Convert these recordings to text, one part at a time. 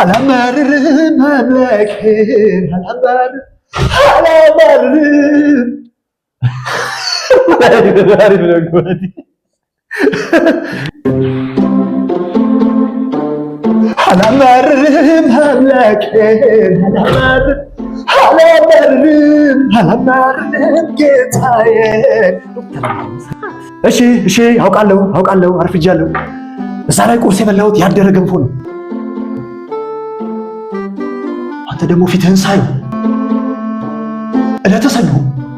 አላማርርም አምላኬን አላማርርም አላማርርም አላማርርም አምላኬን አላማርርም አላማርርም አላማርርም እሺ እሺ፣ አውቃለሁ አውቃለሁ፣ አርፍጃለሁ። እዛ ላይ ቁርስ የበላሁት ያደረ ገንፎ ነው። አንተ ደግሞ ፊትህን ሳዩ እለተሰኑ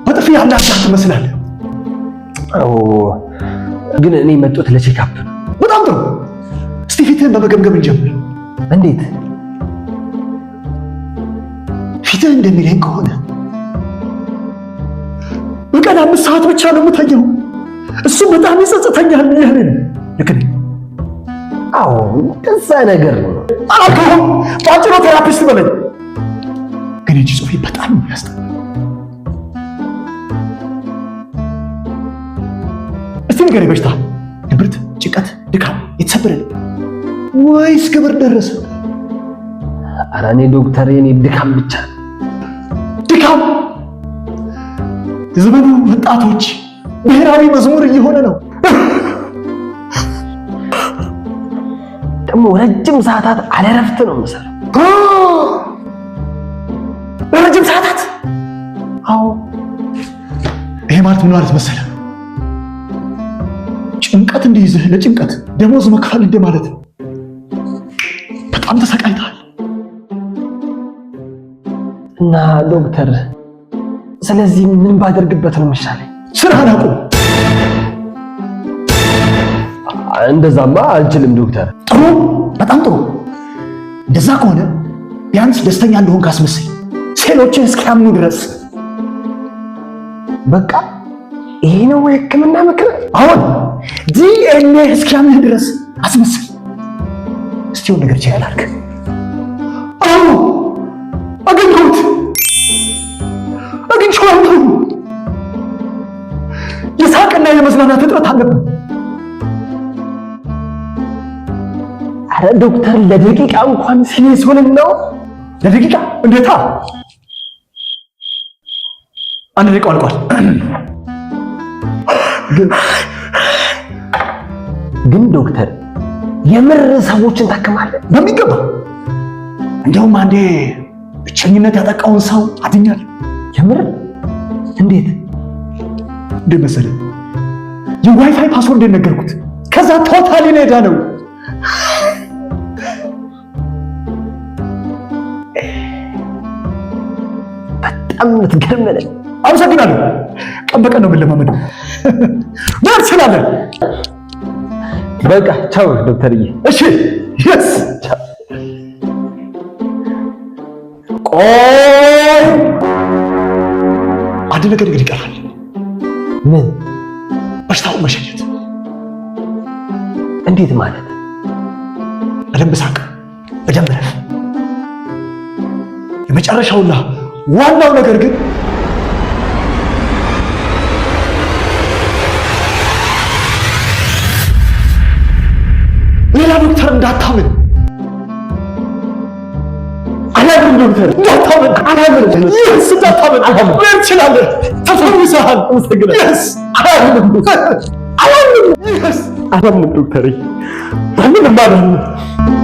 በጥፊ ያላችሁ ትመስላለህ። ግን እኔ መጦት ለቼካፕ በጣም ጥሩ። እስቲ ፊትህን በመገምገም እንጀምር። እንዴት ፊትህ እንደሚለኝ ከሆነ በቀን አምስት ሰዓት ብቻ ነው የምተኛው። እሱም በጣም ይጸጽተኛል። ይህን ልክ ነኝ? አዎ እንደዛ ነገር ነው አላልከውም? ጫጭሮ ቴራፒስት በለኝ የልጅ ጮቤ በጣም የሚያስጠላ እስቲ ንገር። በሽታ፣ ድብርት፣ ጭንቀት፣ ድካም፣ የተሰበረ ልብ ወይስ ክብር ደረሰ? አረ እኔ ዶክተር፣ የኔ ድካም ብቻ ድካም። የዘመኑ ወጣቶች ብሔራዊ መዝሙር እየሆነ ነው። ደግሞ ረጅም ሰዓታት አለረፍት ነው የምሰራው። አዎ ይሄ ማለት ምን ማለት መሰለ፣ ጭንቀት እንዲይዝህ ለጭንቀት ደሞዝ መክፈል እንደ ማለት ነው በጣም ተሰቃይተሃል እና ዶክተር ስለዚህ ምን ባደርግበት ነው መሻለኝ ስራህን አቁም እንደዛማ አልችልም ዶክተር ጥሩ በጣም ጥሩ እንደዛ ከሆነ ቢያንስ ደስተኛ እንደሆን ካስመስል ሴሎችን እስኪያምኑ ድረስ በቃ ይሄ ነው የህክምና ምክር። አሁን ዲኤንኤ እስኪያምህ ድረስ አስመስል። እስቲውን ነገር ቻል አድርግ። አዎ አገኘሁት፣ አግኝቼዋለሁ። የሳቅና የመዝናናት እጥረት አለብን። አረ ዶክተር ለደቂቃ እንኳን ሲሪየስ ሆነን ነው። ለደቂቃ እንዴታ አንድ ደቂቃ አልቋል። ግን ዶክተር የምር ሰዎችን ታክማለን በሚገባ እንደውም አንዴ ብቸኝነት ያጠቃውን ሰው አድኛለሁ። የምር እንዴት እንዴ መሰለ የዋይፋይ ፓስወርድ የነገርኩት ከዛ ቶታሊ ኔዳ ነው። በጣም የምትገርመኝ አመሰግናለሁ። ቀን በቀን ነው የምንለማመደው። ስላለ በቃ ቻው ዶክተርዬ። እሺ የስ ቆይ አንድ ነገር እንግዲህ ይቀራል። ምን? በሽታውን መሸኘት። እንዴት ማለት? በደንብ ሳቅ፣ በደንብ ረፍ። የመጨረሻውና ዋናው ነገር ግን ሌላ ዶክተር እንዳታምን አላምን ዶክተር እንዳታምን አላምን ይስ እንዳታምን አላምን ምን ትችላለህ? ተፈውሰሃል። አመሰግናለሁ። ይስ አላምን አላምን ይስ አላምን ዶክተር በምን ነው